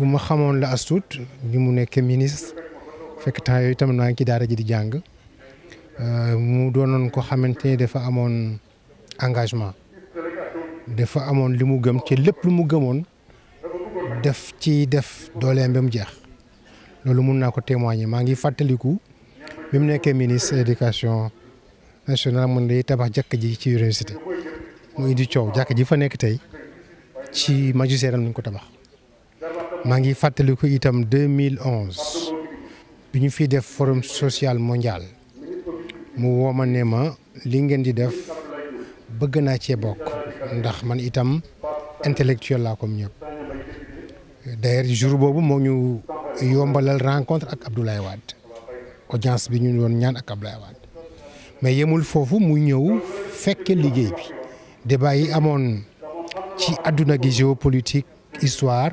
ku ma xamoon la as tuut bi mu nekkee ministre fekk yooyu tamit maa ngi ci daara ji di jàng euh, mu doon doonoon ko xamante ni dafa amoon engagement dafa amoon li mu gëm ci lépp lu mu gëmoon def ci def dooleem ba mu jeex loolu mun naa ko témoigner maa ngi fàttaliku bi mu nekkee ministre éducation nationale mun day tabax jàkk ji ci université mu indi coow jàkk ji fa nekk tey ci magistère am nañ ko tabax. maa ngi fàttaliku itam 2011 bi ñu fi def forum social mondial mu woo ma ne ma li ngeen di def bëgg naa cee bokk ndax man itam intellectuel laa comme ñëpp d'ailleurs jour boobu moo ñu yombalal rencontre ak Abdoulaye Wade audience bi ñu doon ñaan ak Abdoulaye Wade mais yemul foofu mu ñëw fekk liggéey bi débat yi amoon ci àdduna gi géopolitique histoire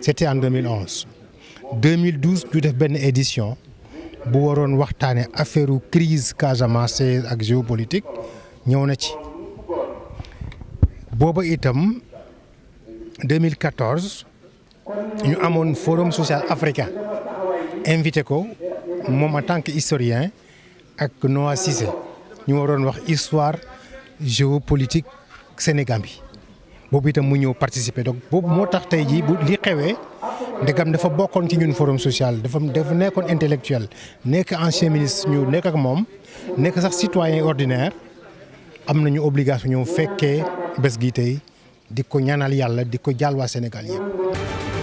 c'était en 2011 2012 plus def une édition bu de la crise géopolitique En 2014, ci avons itam 2014 forum social africain invité en tant que historien ak Noa Cissé ñu parlé wax histoire géopolitique Sénégambie boobu itam mu ñëw participer donc boobu moo tax tey jii bu li xewee ndegam dafa bokkoon ci ñun forum social dafa dafa nekkoon intellectuel nekk ancien ministre ñu nekk ak moom nekk sax citoyen ordinaire am nañu obligation ñëw fekkee bés gi tey di ko ñaanal yàlla di ko jaal Sénégal yëpp.